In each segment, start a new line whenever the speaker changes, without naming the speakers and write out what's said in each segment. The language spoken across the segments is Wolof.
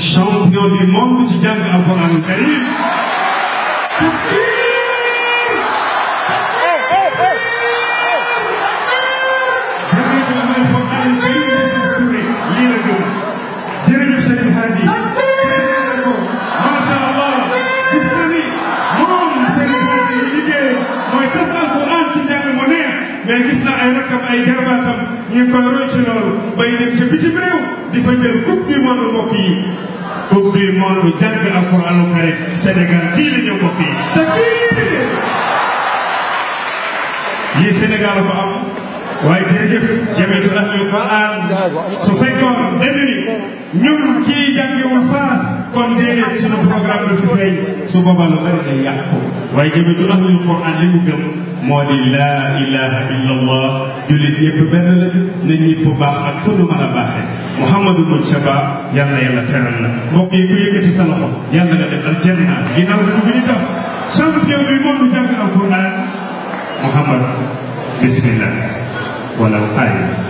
champion du monde ci jàng alxuraan karim mais gis na ay rakam ay jarbaatam ñu koy roy ci loolu di fa jël coupe du monde yi coupe du monde jàng alxuraanu karim Sénégal kii la ñu yi te kii am waaye jërëjëf jametu ahlu Quran su fekkoon dañu ni ñun kii jàng kon déedéet suñu programme bi fi feeñ su boobaa lu bari day yàqu waaye jëme ci ahlul quran li mu gëm moo di laa ilaha illa allah jullit yëpp benn la na ñit bu baax ak fu nu mën a baaxee mouhamadou mun shaba yàlla yàlla teral na mbokk yi ku yëkkati sa loxo yàlla nga def aljanna ginnaaw bu ñu def champion bi moom lu jàng alquran mouhamad bismillah walaw aaya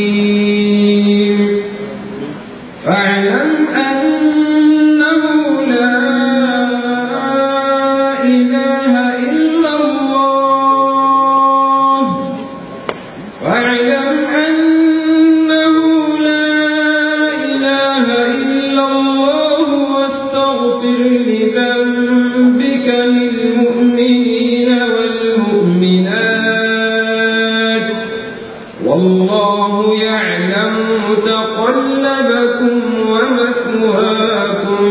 متقلبكم ومثواكم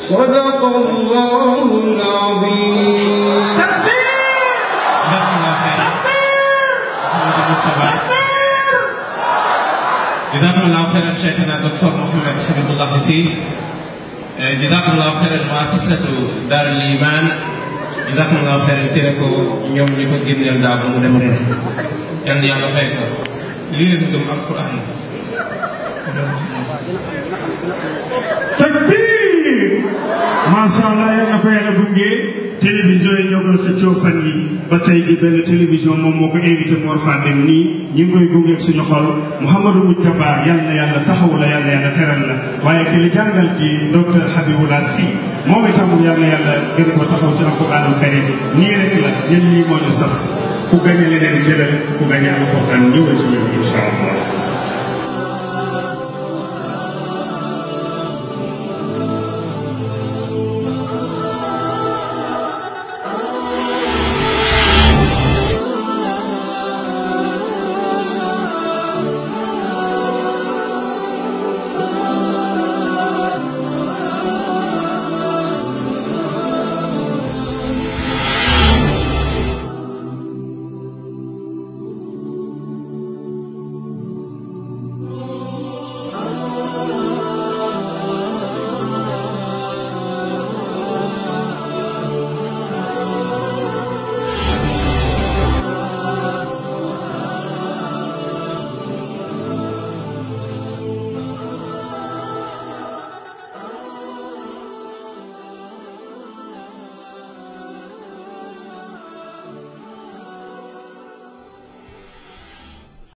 صدق الله العظيم
جزاكم الله خيرا شيخنا الدكتور محمد حبيب الله حسين جزاكم الله خيرا مؤسسة دار الإيمان جزاكم الله خيرا سيركو ñoom ñi ko génneel daaw mu dem ren yal na yàlla fay ko lii leen gëm ak Alxuraan takbir macha allah yal na ko yàlla gunge télévision yi ñoo koy xëccoo yi ba tey ji benn télévision moom moo ko invité Mor Fandem nii ñu koy gungeeg suñu xol Mouhamadou Moujtaba yal na yàlla taxaw la yal na yàlla teral la waaye ki jàngal ji docteur Habiboulah Sy moom itam yal yàlla gën ko taxaw ci alquranul karim nii rek la ñun lii moo sax ku gañe leneen jëlal ku gañe alquran ñëwal ci ñun incha allah